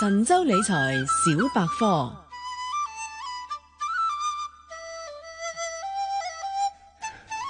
神州理財小百科。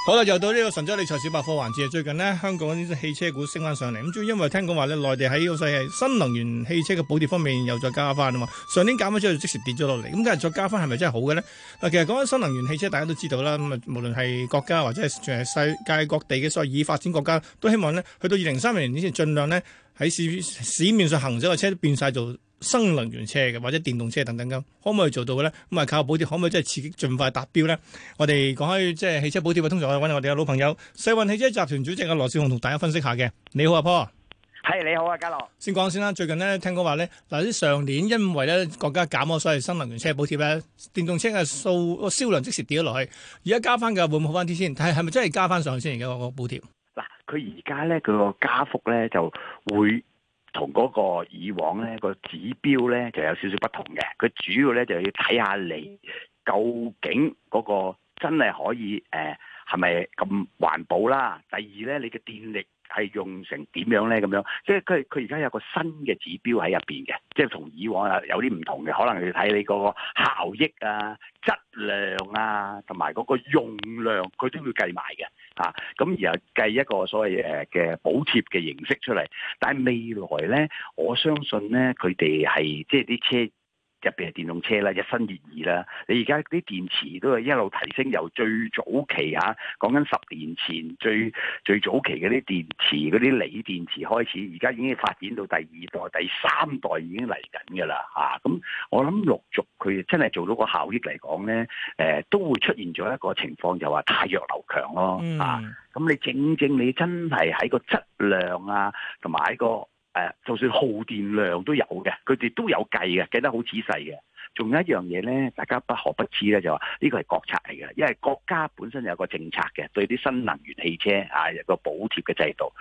好啦，又到呢個神州理財小百科環節啊！最近呢，香港呢啲汽車股升翻上嚟，咁主要因為聽講話呢內地喺呢個世氣新能源汽車嘅補貼方面又再加翻啊嘛！上年減咗之後即，即時跌咗落嚟，咁但係再加翻，係咪真係好嘅呢？其實講緊新能源汽車，大家都知道啦，咁啊，無論係國家或者係全世界各地嘅，所謂以發展國家都希望呢去到二零三零年之前盡量呢喺市面上行走嘅車都變晒做。新能源車嘅或者電動車等等咁，可唔可以做到嘅咧？咁啊，靠補貼可唔可以即係刺激盡快達標咧？我哋講開即係汽車補貼啊，通常可以揾我哋嘅老朋友世運汽車集團主席嘅羅少雄同大家分析下嘅。你好阿、啊、Paul，係、hey, 你好啊，家樂。先講先啦，最近呢聽講話咧嗱，啲上年因為咧國家減咗所謂新能源車補貼咧，電動車嘅數個銷量即時跌咗落去。而家加翻嘅會唔會好翻啲先？係係咪真係加翻上去先而家個補貼？嗱，佢而家咧佢個加幅咧就會。同嗰個以往咧嗰個指標咧就有少少不同嘅，佢主要咧就要睇下你究竟嗰個真係可以誒係咪咁環保啦？第二咧你嘅電力。係用成點樣咧？咁樣即係佢佢而家有個新嘅指標喺入邊嘅，即係同以往啊有啲唔同嘅，可能要睇你嗰個效益啊、質量啊，同埋嗰個用量，佢都要計埋嘅啊。咁而後計一個所謂誒嘅補貼嘅形式出嚟。但係未來咧，我相信咧，佢哋係即係啲車。特別係電動車啦，日新月異啦。你而家啲電池都係一路提升，由最早期嚇，講、啊、緊十年前最最早期嗰啲電池嗰啲鋰電池開始，而家已經發展到第二代、第三代已經嚟緊㗎啦，咁我諗陸續佢真係做到個效益嚟講咧、啊，都會出現咗一個情況，就話、是、汰弱留強咯，咁你正正你真係喺個質量啊，同埋喺個。誒，就算耗電量都有嘅，佢哋都有計嘅，計得好仔細嘅。仲有一樣嘢咧，大家不可不知咧，就話呢個係國策嚟嘅，因為國家本身有個政策嘅，對啲新能源汽車啊有個補貼嘅制度。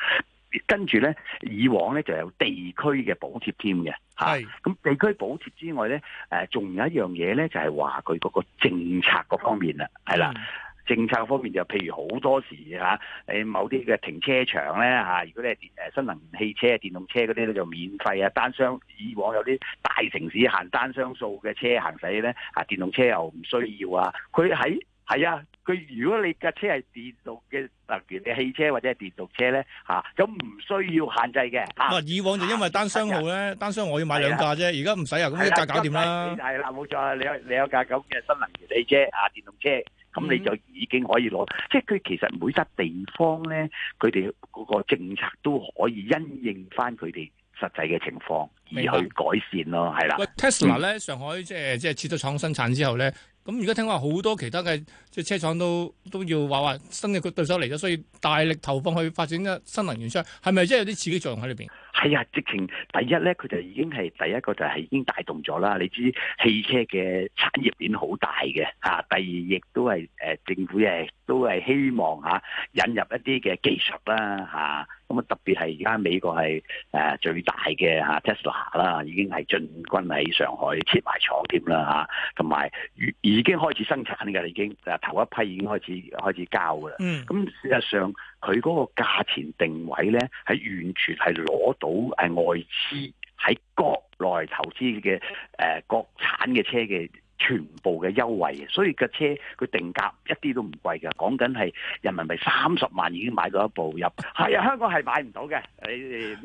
跟住咧，以往咧就有地區嘅補貼添嘅，係。咁地區補貼之外咧，誒，仲有一樣嘢咧，就係話佢嗰個政策各方面啦，係啦。嗯政策方面就譬如好多時吓，你某啲嘅停車場咧吓，如果你係誒新能源汽車、電動車嗰啲咧就免費啊單雙。以往有啲大城市限單雙數嘅車行駛咧，啊電動車又唔需要它啊。佢喺係啊，佢如果你架車係電動嘅，特別嘅汽車或者係電動車咧吓，咁唔需要限制嘅。唔以往就因為單雙號咧，啊，單雙我要買兩架啫，而家唔使啊，咁一架搞掂啦。係啦，啊，冇錯啊，你有你有架咁嘅新能源汽車啊，電動車。咁、嗯、你就已經可以攞，即係佢其實每笪地方咧，佢哋嗰個政策都可以因應翻佢哋實際嘅情況而去改善咯，係啦。Tesla 咧，上海即係即係設咗廠生產之後咧，咁而家聽話好多其他嘅即係車廠都都要話話新嘅個對手嚟咗，所以大力投放去發展嘅新能源車，係咪即係有啲刺激作用喺裏面？係、哎、啊，直情第一咧，佢就已經係第一個就係已經帶動咗啦。你知汽車嘅產業鏈好大嘅啊。第二亦都係誒，政府係都係希望嚇、啊、引入一啲嘅技術啦嚇。啊咁啊，特別係而家美國係誒最大嘅嚇 Tesla 啦，已經係進軍喺上海設埋廠添啦嚇，同埋已已經開始生產㗎啦，已經啊頭一批已經開始開始交㗎啦。嗯、咁事實上佢嗰個價錢定位咧，係完全係攞到係外資喺國內投資嘅誒、呃、國產嘅車嘅。全部嘅優惠，所以個車佢定價一啲都唔貴㗎。講緊係人民幣三十萬已經買到一部入，係 啊，啊香港係買唔到嘅，你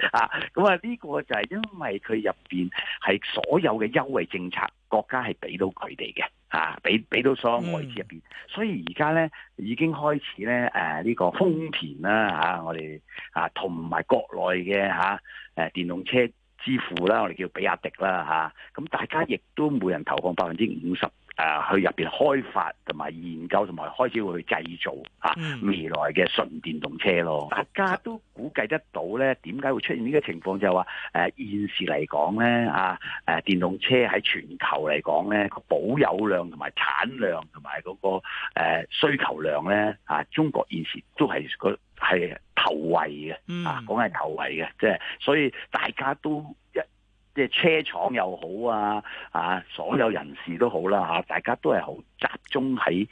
啊咁啊呢個就係因為佢入面係所有嘅優惠政策，國家係俾到佢哋嘅嚇，俾、啊、俾到所有外資入面、嗯。所以而家咧已經開始咧呢、啊這個豐田啦嚇、啊，我哋啊同埋國內嘅嚇誒電動車。支付啦，我哋叫比亞迪啦吓，咁、啊、大家亦都每人投放百分之五十誒去入邊開發同埋研究同埋開始去製造啊未來嘅純電動車咯、啊。大家都估計得到咧，點解會出現呢個情況，就係話誒現時嚟講咧啊誒、啊、電動車喺全球嚟講咧個保有量同埋產量同埋嗰個誒、啊、需求量咧啊中國現時都係個係。頭位嘅，啊，講係頭位嘅，即係，所以大家都一即係車廠又好啊，啊，所有人士都好啦，吓，大家都係好集中喺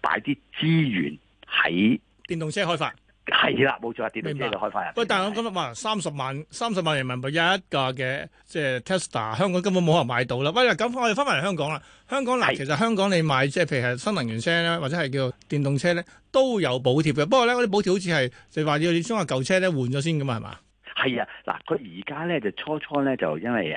擺啲資源喺電動車開發。係啦，冇錯啦，電動車就開快入。喂，但係我今日話三十萬，三十萬人民幣一架嘅，即係 Tesla，香港根本冇人買到啦。喂，咁我哋翻翻嚟香港啦，香港嗱，其實香港你買即係譬如係新能源車啦，或者係叫電動車咧，都有補貼嘅。不過咧，嗰啲補貼好似係就話要你將個舊車咧換咗先咁嘛，係嘛？係啊，嗱，佢而家咧就初初咧就因為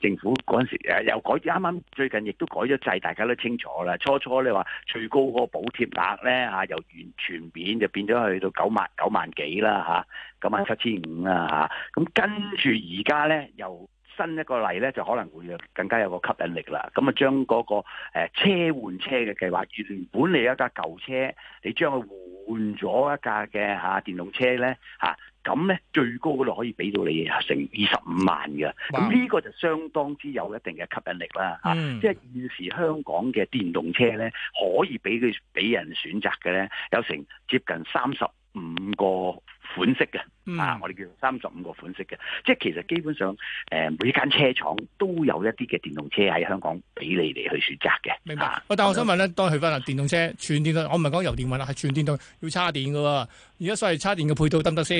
誒政府嗰陣時誒又改，啱啱最近亦都改咗制，大家都清楚啦。初初咧話最高嗰個補貼額咧嚇，由全全免就變咗去到九萬九萬幾啦嚇，九萬七千五啊嚇，咁跟住而家咧又。新一個例咧，就可能會更加有個吸引力啦。咁啊，將嗰個車換車嘅計劃，原本你有一架舊車，你將佢換咗一架嘅嚇電動車咧嚇，咁咧最高嗰度可以俾到你成二十五萬嘅。咁呢個就相當之有一定嘅吸引力啦。嗯。即係現時香港嘅電動車咧，可以俾佢俾人選擇嘅咧，有成接近三十五個款式嘅。嗯，啊、我哋叫三十五個款式嘅，即係其實基本上，誒、呃、每一間車廠都有一啲嘅電動車喺香港俾你嚟去選擇嘅。明白。啊、但係我想問咧、嗯，當佢翻啦，電動車全電動車，我唔係講油電混啦，係全電動要叉電喎、啊。而家所謂叉電嘅配套得唔得先？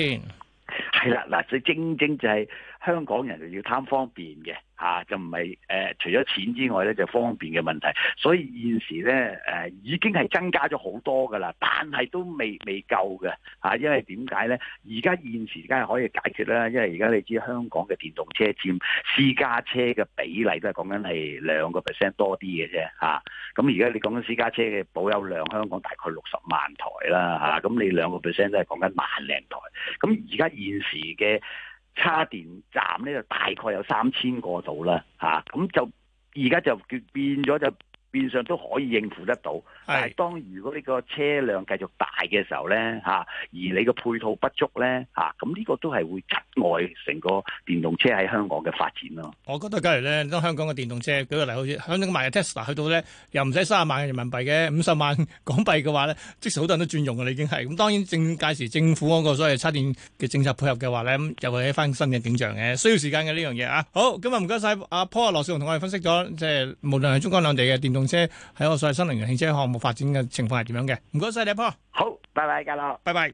係啦，嗱，所以正正就係、是。香港人就要貪方便嘅嚇，就唔係誒除咗錢之外咧，就方便嘅問題。所以現時咧誒、呃、已經係增加咗好多㗎喇，但係都未未夠嘅嚇、啊，因為點解咧？而家現時梗係可以解決啦，因為而家你知香港嘅電動車佔私家車嘅比例都係講緊係兩個 percent 多啲嘅啫嚇。咁而家你講緊私家車嘅保有量，香港大概六十萬台啦嚇，咁、啊啊啊、你兩個 percent 都係講緊萬零台。咁而家現時嘅。叉電站咧就大概有三千個度啦，吓、啊，咁就而家就變咗就。變相都可以應付得到，是但係當如果呢個車輛繼續大嘅時候咧、啊、而你個配套不足咧咁呢個都係會阻礙成個電動車喺香港嘅發展咯、啊。我覺得假如咧，當香港嘅電動車舉個例好似香港買嘅 Tesla 去到咧，又唔使三十萬嘅人民幣嘅五十萬港幣嘅話咧，即時好多人都轉用㗎啦已經係，咁當然政屆時政府嗰個所謂叉電嘅政策配合嘅話咧，又係一翻新嘅景象嘅，需要時間嘅呢樣嘢啊。好，咁啊，唔該晒阿 Paul 啊羅少雄同我哋分析咗，即係無論係中港兩地嘅電動車。用車喺我所謂新能源汽車項目發展嘅情況係點樣嘅？唔該晒你，阿波，好。拜拜，家樂，拜拜。